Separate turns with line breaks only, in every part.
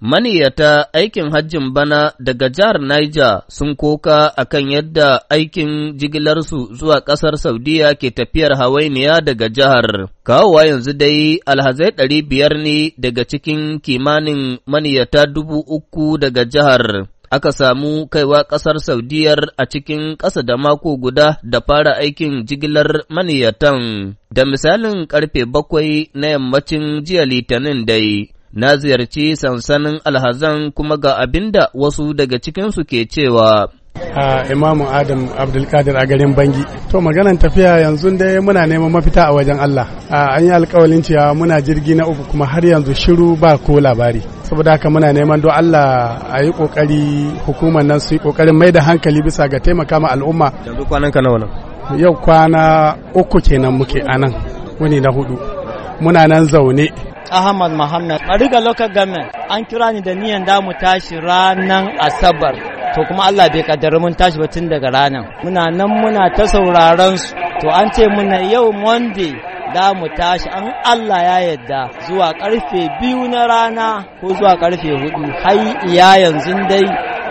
Maniyata aikin hajjin bana daga jihar Niger sun koka a kan yadda aikin jigilarsu zuwa ƙasar Saudiya ke tafiyar hawainiya daga jihar. Kawowa yanzu dai alhazai ɗari biyar ne daga cikin kimanin maniyata dubu uku daga jihar. Aka samu kaiwa ƙasar Saudiyar a cikin ƙasa da mako guda da fara aikin jigilar maniyatan, da misalin ƙarfe bakwai na yammacin jiya Litinin dai. na ziyarci sansanin alhazan kuma ga abin da wasu daga cikinsu ke cewa. a imamu
adam abdulkadir a garin bangi to maganan tafiya yanzu dai muna neman mafita a wajen allah an yi alkawalin cewa muna jirgi na uku kuma har yanzu shiru ba ko labari saboda haka muna neman don allah a yi kokari hukumar nan su yi kokarin mai da hankali bisa ga taimaka ma al'umma yanzu kwanan ka nan yau kwana uku kenan muke anan wani na hudu muna nan zaune
Ahmad Muhammad. riga local government an kira ni da niyan da mu tashi ranan Asabar. To kuma Allah bai kaddara mun tashi ba tun daga ranan. Muna nan muna ta sauraron su. To an ce muna yau Monday da mu tashi an Allah ya yadda zuwa karfe biyu na rana ko zuwa karfe hudu har iya yanzu dai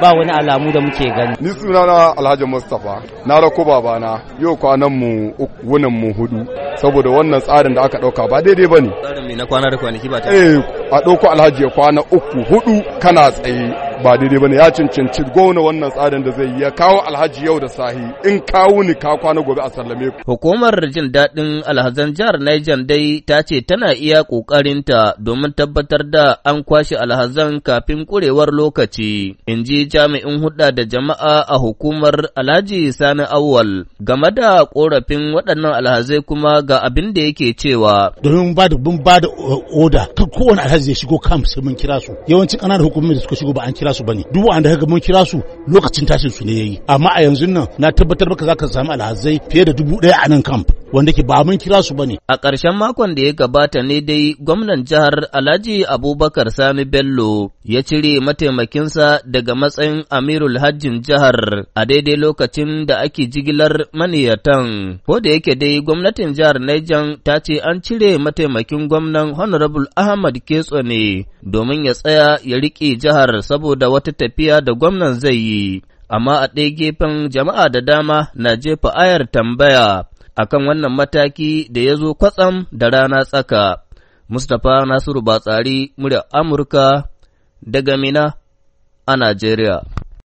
ba wani alamu da muke gani. Ni sunana Alhaji Mustapha,
na rako babana, yau kwanan mu wunan mu hudu. saboda wannan tsarin da aka ɗauka ba daidai ba ne.
Tsarin mai na kwana da kwanaki ba
ta. Eh, a ɗauko alhaji ya kwana uku hudu kana tsaye ba daidai bane ya cancanci gona wannan tsarin da zai yi ya kawo alhaji yau da sahi in kawo ni ka kwana gobe a sallame ku
hukumar jin daɗin alhazan jihar Niger dai ta ce tana iya ƙoƙarinta domin tabbatar da an kwashe alhazan kafin kurewar lokaci in ji jami'in hudda da jama'a a hukumar alhaji sani awwal game da ƙorafin waɗannan alhazai kuma ga abin da yake
cewa domin ba da bin ba da oda kan kowane alhaji ya shigo kam sai mun kira su yawancin ƙananan hukumomi da suka shigo ba an kira kira su bane duk wanda kaga mun kira su lokacin tashin su ne yayi amma a yanzu nan na tabbatar maka zaka samu alhazai fiye da dubu daya a nan camp wanda ke ba mun kira su bane. A
ƙarshen makon da ya gabata ne dai gwamnan jihar Alhaji Abubakar Sani Bello ya cire mataimakinsa daga matsayin Amirul Hajjin jihar a daidai lokacin da ake jigilar maniyatan. Ko da yake dai gwamnatin jihar Niger ta ce an cire mataimakin gwamnan Honorable Ahmad Ketso ne domin ya tsaya ya riƙe jihar saboda wata tafiya da gwamnan zai yi. Amma a ɗaya gefen jama'a da dama na jefa ayar tambaya akan wannan mataki da ya zo kwatsam da rana tsaka. Mustapha Nasiru Batsari, murya Amurka daga Mina a Najeriya.